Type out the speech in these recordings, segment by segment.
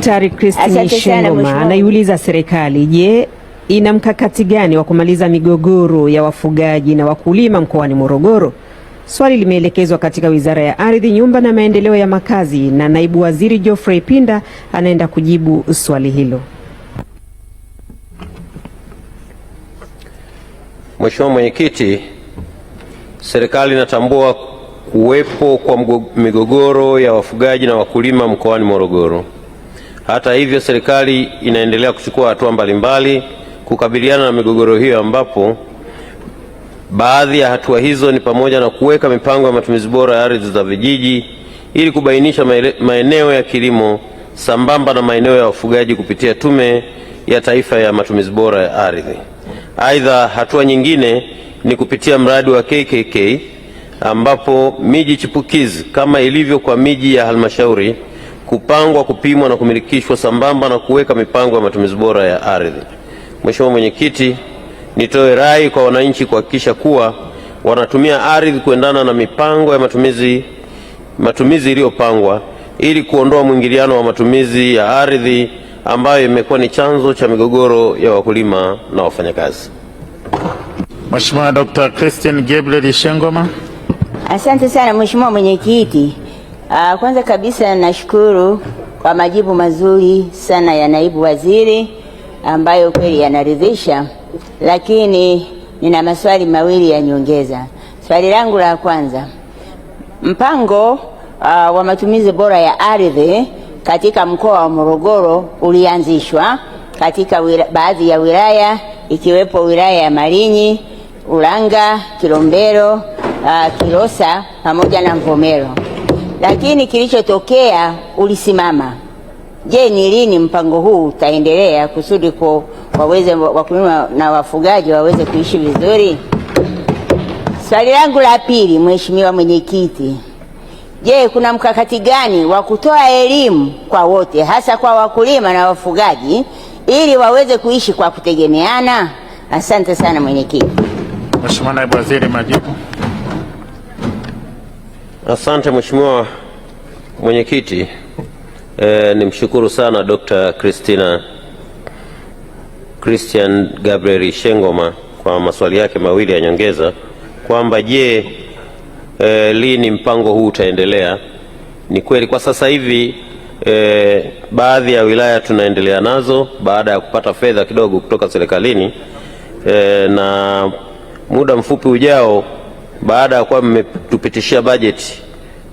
Daktari Christine Ishengoma anaiuliza serikali, je, ina mkakati gani wa kumaliza migogoro ya wafugaji na wakulima mkoani Morogoro? Swali limeelekezwa katika Wizara ya Ardhi, Nyumba na Maendeleo ya Makazi na Naibu Waziri Geoffrey Pinda anaenda kujibu swali hilo. Mheshimiwa Mwenyekiti, serikali inatambua kuwepo kwa migogoro ya wafugaji na wakulima mkoani Morogoro. Hata hivyo, serikali inaendelea kuchukua hatua mbalimbali kukabiliana na migogoro hiyo, ambapo baadhi ya hatua hizo ni pamoja na kuweka mipango ya matumizi bora ya ardhi za vijiji ili kubainisha maeneo ya kilimo sambamba na maeneo ya wafugaji kupitia Tume ya Taifa ya Matumizi Bora ya Ardhi. Aidha, hatua nyingine ni kupitia mradi wa KKK ambapo miji chipukizi kama ilivyo kwa miji ya halmashauri kupangwa, kupimwa na kumilikishwa sambamba na kuweka mipango ya matumizi bora ya ardhi. Mheshimiwa Mwenyekiti, nitoe rai kwa wananchi kuhakikisha kuwa wanatumia ardhi kuendana na mipango ya matumizi, matumizi iliyopangwa ili kuondoa mwingiliano wa matumizi ya ardhi ambayo imekuwa ni chanzo cha migogoro ya wakulima na wafanyakazi. Mheshimiwa Dr. Christian Gabriel Shengoma. Asante sana Mheshimiwa Mwenyekiti. Ah, kwanza kabisa nashukuru kwa majibu mazuri sana ya naibu waziri ambayo kweli yanaridhisha, lakini nina maswali mawili ya nyongeza. Swali langu la kwanza, mpango uh, wa matumizi bora ya ardhi katika mkoa wa Morogoro ulianzishwa katika wila, baadhi ya wilaya ikiwepo wilaya ya Malinyi, Ulanga, Kilombero, uh, Kilosa pamoja na Mvomero lakini kilichotokea ulisimama. Je, ni lini mpango huu utaendelea kusudi kwa waweze wakulima na wafugaji waweze kuishi vizuri? Swali langu la pili, Mheshimiwa Mwenyekiti, je, kuna mkakati gani wa kutoa elimu kwa wote hasa kwa wakulima na wafugaji ili waweze kuishi kwa kutegemeana? Asante sana mwenyekiti. Mheshimiwa Naibu Waziri, majibu. Asante Mheshimiwa Mwenyekiti. E, nimshukuru sana Dr. Christina Christian Gabriel Shengoma kwa maswali yake mawili ya nyongeza kwamba je, e, lini mpango huu utaendelea? Ni kweli kwa sasa hivi e, baadhi ya wilaya tunaendelea nazo baada ya kupata fedha kidogo kutoka serikalini e, na muda mfupi ujao baada ya kuwa mmetupitishia bajeti,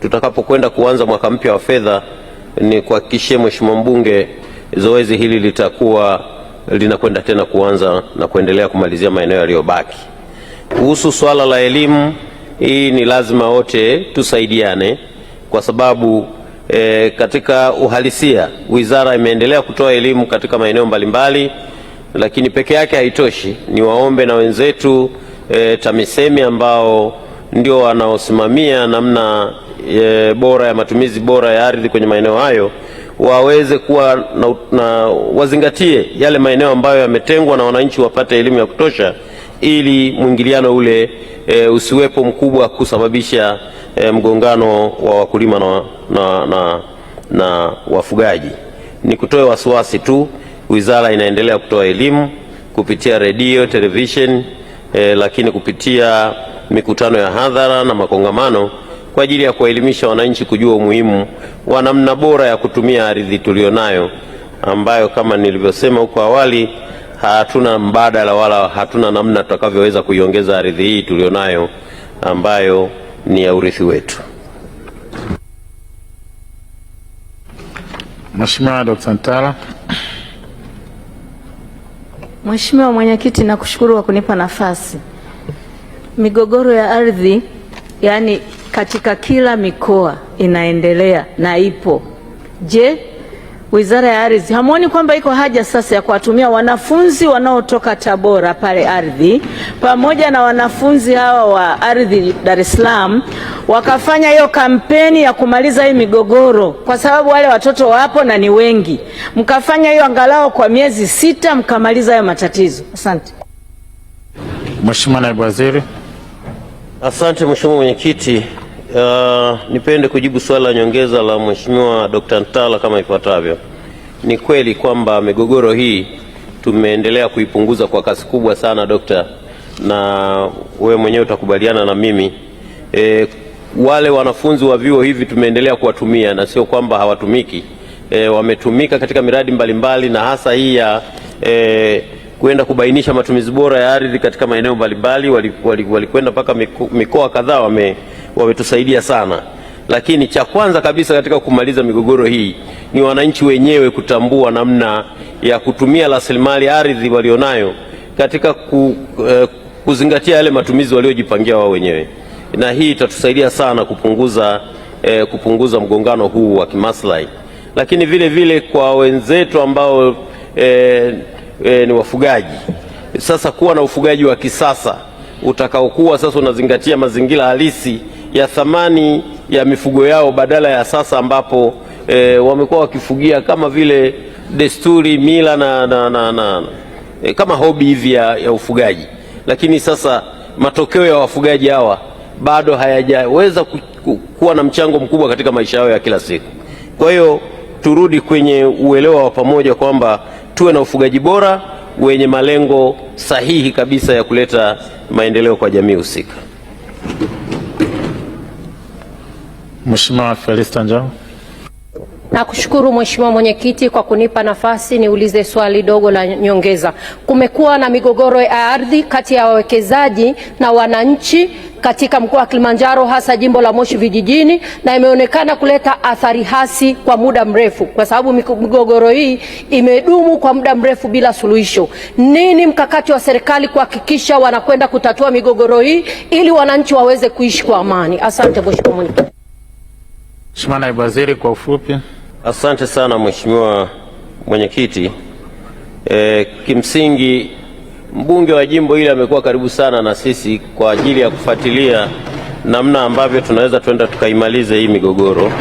tutakapokwenda kuanza mwaka mpya wa fedha, ni kuhakikishie mheshimiwa mbunge zoezi hili litakuwa linakwenda tena kuanza na kuendelea kumalizia maeneo yaliyobaki. Kuhusu swala la elimu, hii ni lazima wote tusaidiane kwa sababu e, katika uhalisia wizara imeendelea kutoa elimu katika maeneo mbalimbali, lakini peke yake haitoshi. Niwaombe na wenzetu e, TAMISEMI ambao ndio wanaosimamia namna e, bora ya matumizi bora ya ardhi kwenye maeneo hayo waweze kuwa na, na wazingatie yale maeneo ambayo yametengwa na wananchi wapate elimu ya kutosha ili mwingiliano ule e, usiwepo mkubwa kusababisha e, mgongano wa wakulima na, na, na, na wafugaji. Ni kutoe wasiwasi tu, wizara inaendelea kutoa elimu kupitia redio, televisheni e, lakini kupitia mikutano ya hadhara na makongamano kwa ajili ya kuwaelimisha wananchi kujua umuhimu wa namna bora ya kutumia ardhi tuliyonayo ambayo kama nilivyosema huko awali hatuna mbadala wala hatuna namna tutakavyoweza kuiongeza ardhi hii tuliyonayo ambayo ni ya urithi wetu. Mheshimiwa Dr. Ntala. Mheshimiwa Mwenyekiti, nakushukuru kwa kunipa nafasi. Migogoro ya ardhi yaani katika kila mikoa inaendelea na ipo. Je, Wizara ya Ardhi, hamuoni kwamba iko haja sasa ya kuwatumia wanafunzi wanaotoka Tabora pale ardhi pamoja na wanafunzi hawa wa ardhi Dar es Salaam wakafanya hiyo kampeni ya kumaliza hii migogoro, kwa sababu wale watoto wapo na ni wengi. Mkafanya hiyo angalau kwa miezi sita, mkamaliza hayo matatizo. Asante Mheshimiwa Naibu Waziri. Asante Mheshimiwa Mwenyekiti. Eh, nipende kujibu swali la nyongeza la Mheshimiwa Dr. Ntala kama ifuatavyo. Ni kweli kwamba migogoro hii tumeendelea kuipunguza kwa kasi kubwa sana dokta, na wewe mwenyewe utakubaliana na mimi e, wale wanafunzi wa vyuo hivi tumeendelea kuwatumia na sio kwamba hawatumiki. E, wametumika katika miradi mbalimbali mbali, na hasa hii ya e, kwenda kubainisha matumizi bora ya ardhi katika maeneo mbalimbali, walikwenda wali, wali mpaka mikoa kadhaa wame wametusaidia sana, lakini cha kwanza kabisa katika kumaliza migogoro hii ni wananchi wenyewe kutambua namna ya kutumia rasilimali ardhi walionayo katika ku, eh, kuzingatia yale matumizi waliojipangia wao wenyewe, na hii itatusaidia sana kupunguza, eh, kupunguza mgongano huu wa kimaslahi, lakini vile vile kwa wenzetu ambao eh, eh, ni wafugaji sasa kuwa na ufugaji wa kisasa utakaokuwa sasa unazingatia mazingira halisi ya thamani ya mifugo yao badala ya sasa ambapo e, wamekuwa wakifugia kama vile desturi, mila na, na, na, na, na. Eh, e, kama hobi hivi ya, ya ufugaji, lakini sasa matokeo ya wafugaji hawa bado hayajaweza ku, ku, kuwa na mchango mkubwa katika maisha yao ya kila siku. Kwa hiyo turudi kwenye uelewa wa pamoja kwamba tuwe na ufugaji bora wenye malengo sahihi kabisa ya kuleta maendeleo kwa jamii husika. Mheshimiwa Felista Njau. Nakushukuru Mheshimiwa Mwenyekiti kwa kunipa nafasi niulize swali dogo la nyongeza. Kumekuwa na migogoro ya ardhi kati ya wawekezaji na wananchi katika mkoa wa Kilimanjaro hasa jimbo la Moshi vijijini na imeonekana kuleta athari hasi kwa muda mrefu, kwa sababu migogoro hii imedumu kwa muda mrefu bila suluhisho. Nini mkakati wa serikali kuhakikisha wanakwenda kutatua migogoro hii ili wananchi waweze kuishi kwa amani? Asante Mheshimiwa Mwenyekiti. Mheshimiwa Naibu Waziri, kwa ufupi. Asante sana Mheshimiwa Mwenyekiti. E, kimsingi mbunge wa jimbo hili amekuwa karibu sana na sisi kwa ajili ya kufuatilia namna ambavyo tunaweza tuenda tukaimalize hii migogoro,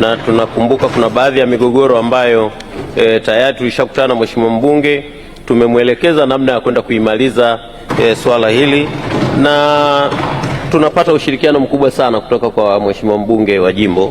na tunakumbuka kuna baadhi ya migogoro ambayo e, tayari tulishakutana na mheshimiwa mbunge, tumemwelekeza namna ya kwenda kuimaliza e, swala hili na tunapata ushirikiano mkubwa sana kutoka kwa mheshimiwa mbunge wa jimbo.